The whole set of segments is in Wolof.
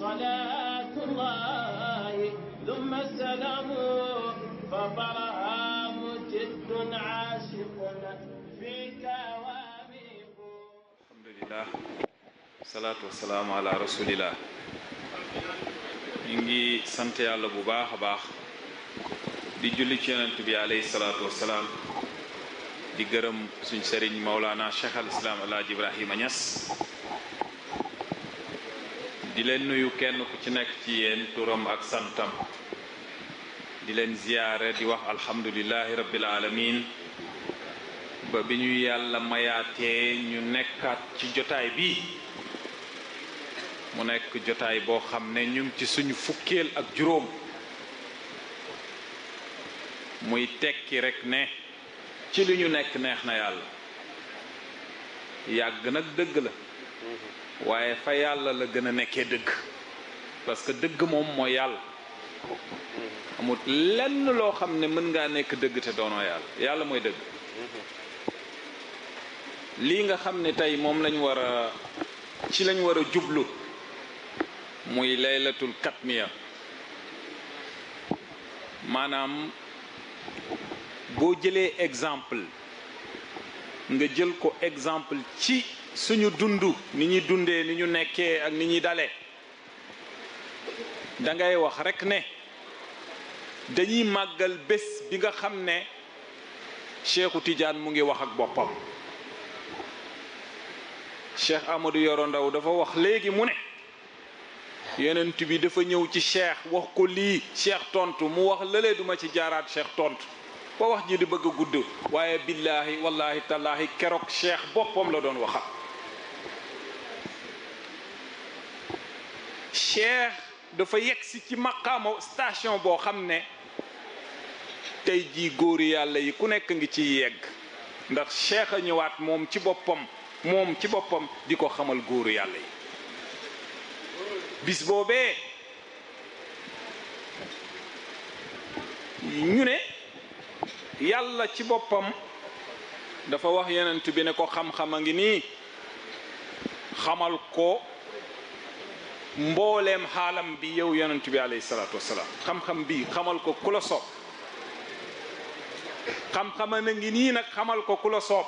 صلاة الله ثم السلام فطرها مجد عاشق فيك واميق الحمد لله والصلاة والسلام على رسول الله ñu ngi sant yàlla bu baax a baax di julli ci yonent bi alayhi salaatu wassalaam di gërëm suñ sëriñ Maulana Cheikh al Islam El Hadj Ibrahima Niass di leen nuyu kenn ku ci nekk ci yéen turam ak santam di leen ziyaare di wax alhamdulillahi rabbil alamin ba bi ñu yàlla mayaatee ñu nekkaat ci jotaay bi mu nekk jotaay boo xam ne ñu ci suñu fukkeel ak juróom muy tekki rekk ne ci li ñu nekk neex na yàlla yàgg nag dëgg la waaye fa yàlla la gën a nekkee dëgg parce que dëgg moom mooy yàlla amul lenn loo xam ne mën ngaa nekk dëgg te doonoo yàll yàlla mooy dëgg lii nga xam ne tey moom lañu war a ci lañ war a jublu muy laylatul katmiya maanaam boo jëlee exemple nga jël ko exemple ci suñu dund ni ñuy dundee ni ñu nekkee ak ni ñuy dalee da ngay wax rekk ne dañuy màggal bés bi nga xam ne Cheikhu Tidiane mu ngi wax ak boppam Cheikh Amadou Yoro Ndaw dafa wax léegi mu ne yenent bi dafa ñëw ci Cheikh wax ko lii Cheikh tontu mu wax lële duma ci jaaraat Cheikh tontu ba wax ji di bëgg a gudd waaye billaahi wallaahi tallaahi keroog Cheikh boppam la doon waxat cheikh dafa yegg si ci maqaama station boo xam ne tey jii góor yàlla yi ku nekk ngi ciy yegg ndax cheikh a ñëwaat moom ci boppam moom ci boppam di ko xamal góor yàlla yi bis boobee ñu ne yàlla ci boppam dafa wax yenent bi ne ko xam-xam a ngi nii xamal ko mbooleem xaalam bi yow yonent bi alayhi salaatu wasalaam xam-xam bi xamal ko ku la soob xam-xama ngi nii nag xamal ko ku la soob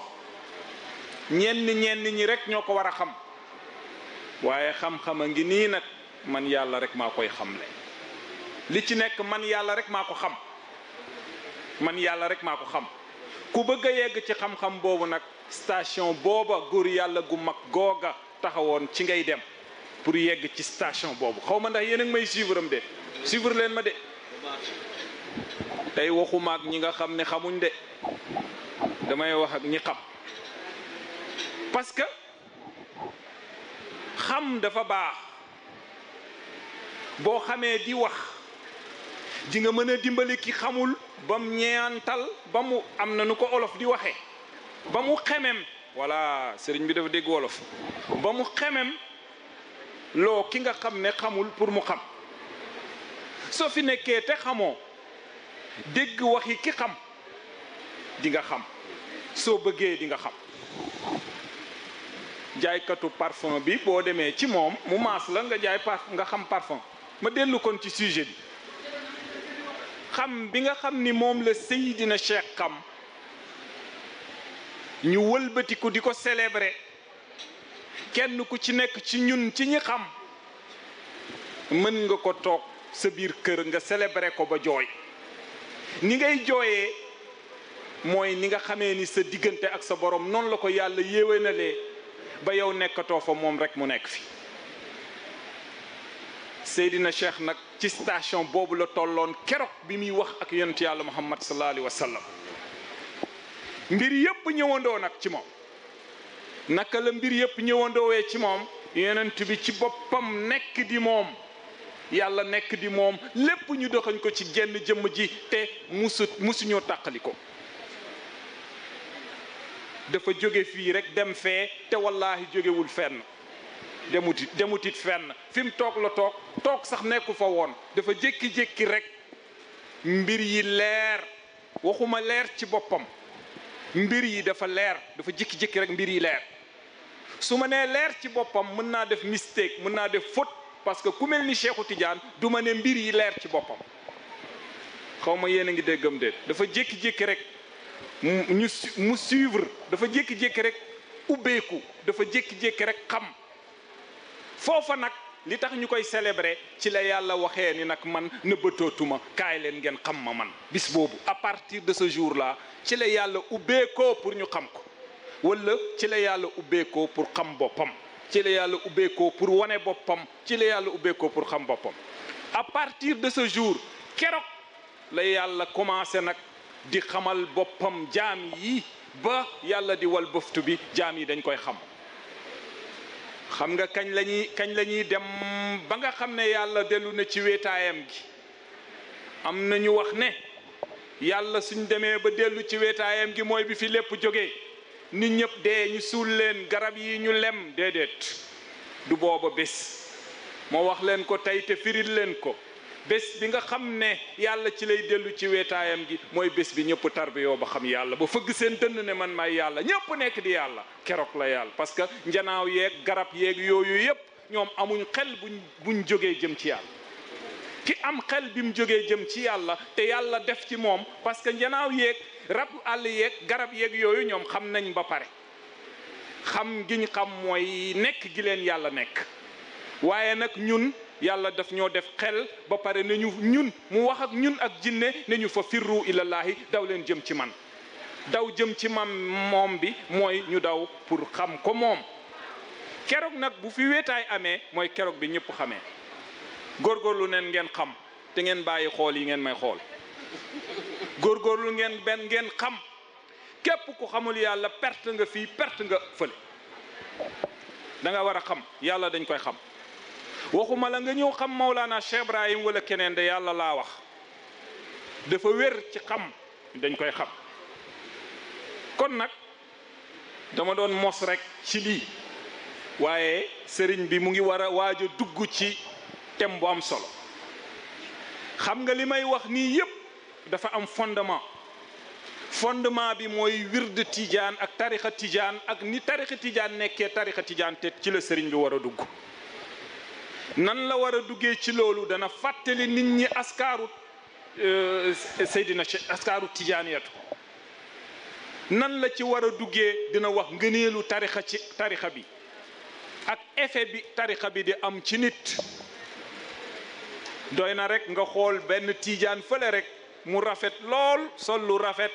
ñenn ñi rek ñoo ko war a xam waaye xam-xama ngi nii nag man yàlla rek maa koy xamle li ci nekk man yàlla rek maa ko xam man yàlla rek maa ko xam ku bëgg a yegg ci xam-xam boobu nag station booba góor yàlla gu mag googa taxawoon ci ngay dem pour yegg ci station boobu xaw ma ndax yéen a ngi may suivre am de suivre leen ma de tey waxuma ak ñi nga xam ne xamuñ de damay wax ak ñi xam parce que xam dafa baax boo xamee di wax di nga mën a dimbali ki xamul ba mu ñeantal ba mu am na nu ko olof di waxee ba mu xemem walla sëriñ bi dafa dégg wolof ba mu xemem loo ki nga xam ne xamul pour mu xam soo fi nekkee te xamoo dégg waxi ki xam dinga xam soo bëggee di xam jaaykatu parfum bi boo demee ci moom mu maas la nga jaay par nga xam parfum ma dellu kon ci sujet bi xam bi nga xam ni moom la dina Cheikh xam ñu wëlbatiku di ko célébrer kenn ku ci nekk ci ñun ci ñi xam mën nga ko toog sa biir kër nga célébrer ko ba jooy ni ngay jooyee mooy ni nga xame ni sa diggante ak sa borom noonu la ko yàlla yéwénalee ba yow nekkatoo fa moom rek mu nekk fi Seydina Cheikh nag ci station boobu la tolloon keroog bi muy wax ak yonent yàlla Muhammad sallallahu alayhi wa sallam mbir yépp ñëwandoo nag ci moom naka la mbir yépp ñëwandoowee ci moom yonent bi ci boppam nekk di moom yàlla nekk di moom lépp ñu doxañ ko ci genn jëmm ji te musu musuñoo tàqali ko dafa jóge fii rek dem fee te wallaahi jógewul fenn demutit demutit fenn fi mu toog la toog toog sax nekku fa woon dafa jékki-jékki rekk mbir yi leer waxuma leer ci boppam mbir yi dafa leer dafa jékki-jékki rek mbir yi leer su ma nee leer ci boppam mën naa def mistake mën naa def faute parce que ku mel ni Cheikhou Tidiane du ma ne mbir yi leer ci boppam xaw ma yéen a ngi déggam déet dafa jékki-jékki rek ñu mu suivre dafa jékki-jékki rek ubbeeku dafa jékki-jékki rek xam foofa nag li tax ñu koy célébrer ci la yàlla waxee ni nag man nëbbatootuma kaay leen ngeen xam ma man bis boobu à partir de ce jour là ci la yàlla ubbeekoo pour ñu xam ko walla ci la yàlla ubbeekoo pour xam boppam ci la yàlla ubbeekoo pour wane boppam ci la yàlla ubbeekoo pour xam boppam à partir de ce jour keroog la yàlla commencé nag di xamal boppam jaam yi ba yàlla di wal bëftu bi jaam yi dañ koy xam xam nga kañ la ñuy kañ la ñuy dem ba nga xam ne yàlla dellu na ci weetaayam gi am na ñu wax ne yàlla suñ demee ba dellu ci wéetaayam gi mooy bi fi lépp jógee nit ñëpp dee ñu suul leen garab yi ñu lem déedéet du booba bés moo wax leen ko tey te firil leen ko bés bi nga xam ne yàlla ci lay dellu ci weetaayam gi mooy bés bi ñëpp tarbiyoo ba xam yàlla ba fëgg seen dënn ne man maay yàlla ñëpp nekk di yàlla keroog la yàlla parce que njanaaw yeeg garab yeeg yooyu yëpp ñoom amuñu xel buñ buñ jógee jëm ci yàlla ki am xel bi mu jógee jëm ci yàlla te yàlla def ci moom parce que njanaaw yeeg rab àll yeeg garab yeeg yooyu ñoom xam nañ ba pare xam giñ xam mooy nekk gi leen yàlla nekk waaye nag ñun yàlla daf ñoo def xel ba pare ne ñu ñun mu wax ak ñun ak jinne ne ñu fa firru ilallaahi daw leen jëm ci man daw jëm ci man moom bi mooy ñu daw pour xam ko moom keroog nag bu fi wéetaay amee mooy keroog bi ñëpp xamee góorgóorlu neen ngeen xam te ngeen bàyyi xool yi ngeen may xool góorgóorlu ngeen benn ngeen xam képp ku xamul yàlla perte nga fii perte nga fële da war a xam yàlla dañ koy xam waxuma la nga ñëw xam Maulana Cheikh Ibrahim wala keneen de yàlla laa wax dafa wér ci xam dañ koy xam kon nag dama doon mos rek ci lii waaye sëriñ bi mu ngi war a waaj a dugg ci thème bu am solo xam nga li may wax nii yépp dafa am fondement fondement bi mooy wir wirde tijaan ak tarixa tijaan ak ni tarixa tijaan nekkee tarixa tijaan te ci la sëriñ bi war a dugg nan la war a duggee ci loolu dana fàttali nit ñi askaaru euh, Seydina Cheikh askaaru tijaaniyatu nan la ci war a duggee dina wax ngëneelu tarixa tarixa bi ak effet bi tarixa bi di am ci nit doy na rek nga xool benn tiijaan fële rek mu rafet lool sol lu rafet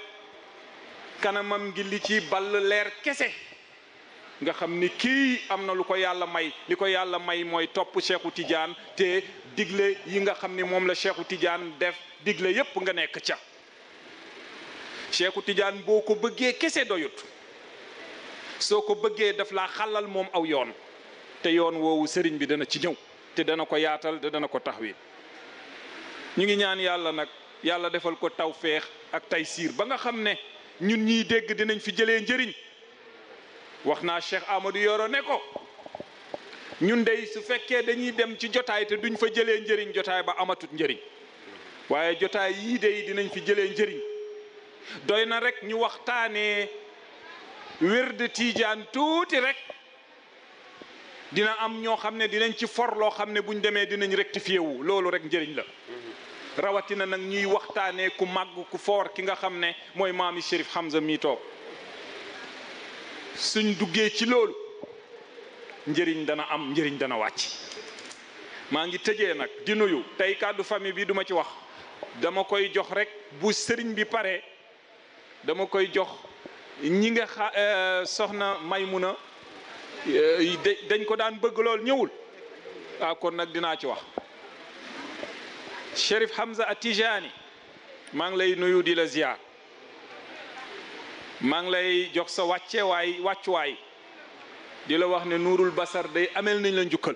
kanamam ngi li ci bal leer kese nga xam ni kii am na lu ko yàlla may li ko yàlla may mooy topp Cheikhu tiijaan te digle yi nga xam ni moom la Cheikhu tiijaan def digle yépp nga nekk ca Cheikhu Tidiane boo ko bëggee kese doyut soo ko bëggee daf laa xalal moom aw yoon te yoon woowu sëriñ bi dana ci ñëw te dana ko yaatal te dana ko tax wi ñu ngi ñaan yàlla nag yàlla defal ko tawféex ak siir ba nga xam ne ñun ñiy dégg dinañ fi jëlee njëriñ wax naa Cheikh Amadou Yoro ne ko ñun dey su fekkee dañuy dem ci jotaay te duñ fa jëlee njëriñ jotaay ba amatut njëriñ waaye jotaay yii dey dinañ fi jëlee njëriñ doy na rek ñu waxtaanee wérde tiijaan tuuti rek dina am ñoo xam ne dinañ ci for loo xam ne buñ demee dinañ rectifié wu loolu rek njëriñ la rawatina nag ñuy waxtaanee ku màgg ku foor ki nga xam ne mooy maami Chérif Hamza mi toog suñ duggee ci loolu njëriñ dana am njëriñ dana wàcc maa ngi tëjee nag di nuyu tey kàddu famille bii duma ci wax dama koy jox rek bu sëriñ bi pare dama koy jox ñi nga xa euh, soxna Maymuna euh, dañ ko daan bëgg lool ñëwul ah kon nag dinaa ci wax Cherif Hamza Atijani maa ngi lay nuyu di la ziar maa ngi lay jox sa wàcce waay wàccuwaay di la wax ne nuurul basar day amel nañ la njukkal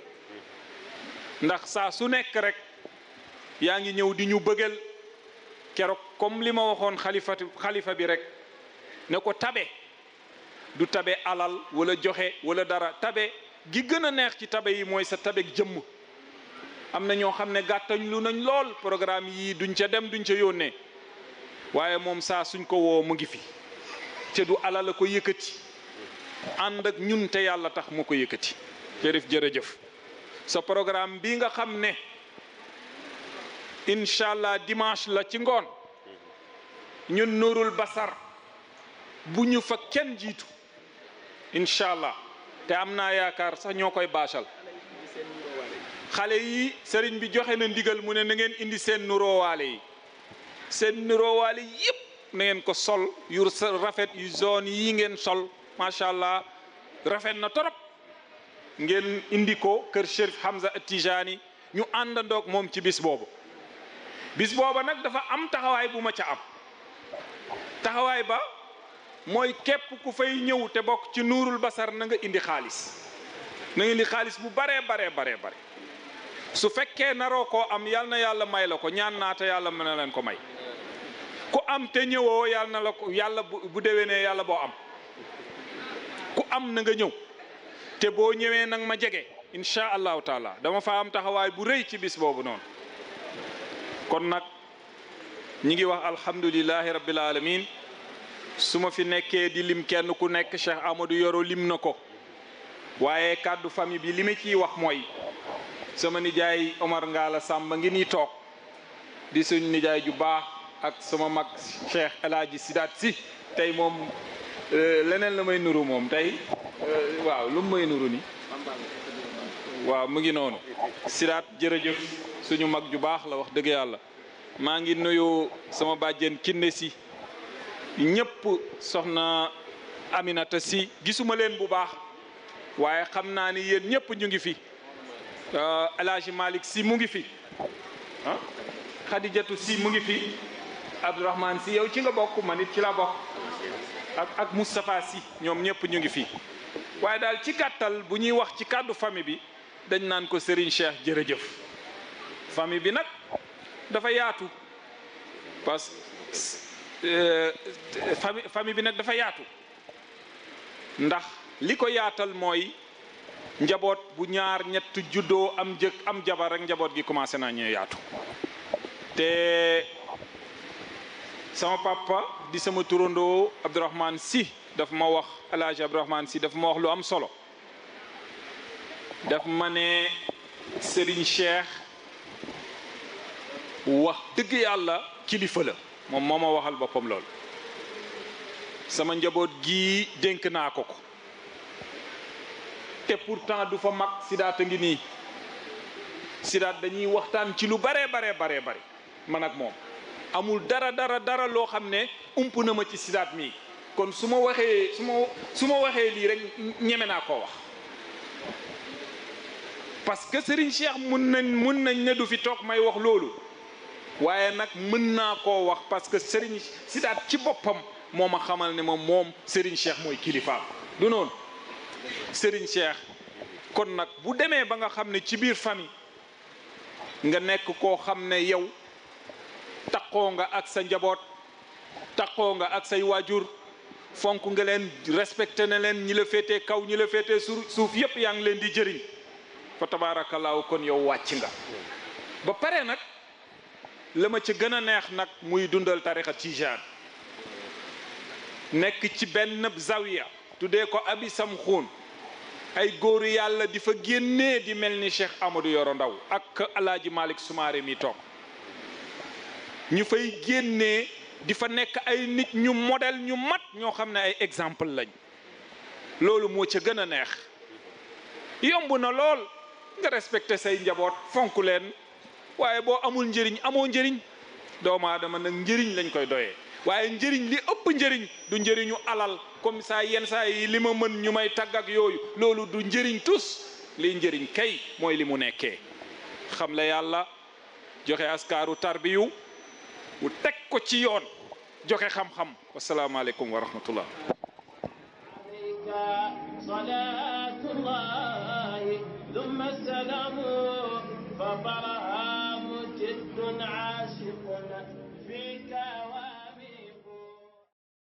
ndax saa su nekk rek yaa ngi ñëw di ñu bëggal keroog comme li ma waxoon xalifatu xalifa bi rek ne ko tabe du tabe alal wala joxe wala dara tabe gi gën a neex ci tabe yi mooy sa tabe jëmm am na ñoo xam ne gàttañ lu nañ lool programme yii duñ ca dem duñ ca yónnee waaye moom saa suñ ko woo mu ngi fi te du alal la ko yëkkati ànd ak ñun te yàlla tax mu ko yëkkati jërëf jërëjëf sa programme bii nga xam ne incha allah dimanche la ci ngoon ñun nurul basar bu ñu fa kenn jiitu incha allah te am naa yaakaar sax ñoo koy baasal xale yi sëriñ bi joxe na ndigal mu ne na ngeen indi seen nuroowaale yi seen nuroowaale yëpp na ngeen ko sol yu rafet yu zone yi ngeen sol macha allah rafet na torop ngeen indi ko kër Chérif Hamza Tijani ñu àndandoog moom ci bis boobu bis booba nag dafa am taxawaay bu ma ca am taxawaay ba mooy képp ku fay ñëw te bokk ci nuurul basar na nga indi xaalis na nga indi xaalis bu baree baree baree bare su fekkee naroo ko am yal na yàlla may la ko ñaan naata yàlla mën na leen ko may ku am te ñëwoo yal na la ko yàlla bu déwénee yàlla boo am ku am na nga ñëw te boo ñëwee nag ma jege incha allahu taala dama fa am taxawaay bu rëy ci bis boobu noonu kon nag ñi ngi wax alhamdulilahi rabbil alamin su ma fi nekkee di lim kenn ku nekk Cheikh Amadou Yoro lim na ko waaye kàddu famille bi li ma ciy wax mooy sama nijaay Omar Ngalla Sàmba ngi nii toog di suñ nijaay ju baax ak sama mag Cheikh El Hadji Sidaat si tey moom euh, leneen la may nuru moom tey euh, waaw may nuru ni waaw mu ngi noonu Sidaat jërëjëf suñu mag ju baax la wax dëgg yàlla maa ngi nuyu sama bàjjen kinne si ñëpp soxna Aminata si gisuma leen bu baax waaye xam naa ni yéen ñëpp ñu ngi fi Euh, Alaaji Malick si mu ngi fi ah Xadijatu si mu ngi fi Abdourahmane si yow ci nga bokk ma nit ci la bokk ak ak Moustapha si ñoom ñëpp ñu ngi fi waaye daal ci gàttal bu ñuy wax ci kàddu famille bi dañ naan ko Serigne Cheikh jërëjëf famille bi nag dafa yaatu parce que euh, famille famille bi nag dafa yaatu ndax li ko yaatal mooy. njaboot bu ñaar ñett juddoo am jëkk am jabar rek njaboot gi commencé naa ñëw yaatu te sama papa di sama turandoo Abdourahmane si daf ma wax El Hadj Abdourahmane Sy ma wax lu am solo daf ma ne Serigne Cheikh wax dëgg yàlla kilifa la moom moo ma waxal boppam lool sama njaboot gi dénk naa ko ko. pour temps du fa mag sidaat a ngi nii sidaat dañuy waxtaan ci lu bare bare bare bare man ak moom amul dara dara dara loo xam ne ump na ma ci sidaat mii kon su ma waxee su ma su ma waxee lii rek ñeme naa koo wax parce que Serigne Cheikh mun nañ mun nañ ne du fi toog may wax loolu waaye nag mën naa koo wax parce que Serigne sidaat ci boppam moo ma xamal ne ma moom Serigne Cheikh mooy kilifaam du noonu. Serigne Cheikh kon nag bu demee ba nga xam ne ci biir famille nga nekk koo xam ne yow takkoo nga ak sa njaboot takkoo nga ak say waajur fonk nga leen respecté ne leen ñi la féetee kaw ñi la féete suuf yépp yaa ngi leen di jëriñ fa tabaarakallaahu kon yow wàcc nga ba pare nag la ma ci gën a neex nag muy dundal tarixa tijaan nekk ci benn zawiya tuddee ko abi sam xuun ay góoru yàlla di fa génnee di mel ni Cheikh amadu Yoro Ndaw ak alaaji Malick Soumaré mi toog ñu fay génnee di fa nekk ay nit ñu modèle ñu mat ñoo xam ne ay exemple lañ loolu moo ca gën a neex yomb na lool nga respecté say njaboot fonk leen waaye boo amul njëriñ amoo njëriñ doomu aadama nag njëriñ lañ koy doyee waaye njëriñ li ëpp njariñ du njëriñu alal comme ça yenn saa yi lima mën ñu may tagg yooyu loolu du njëriñ tus li njëriñ kay mooy li mu nekkee xam la yàlla joxe askaaru tarbiyu bu teg ko ci yoon joxe xam-xam wasalaamaaleykum wa rahmatullah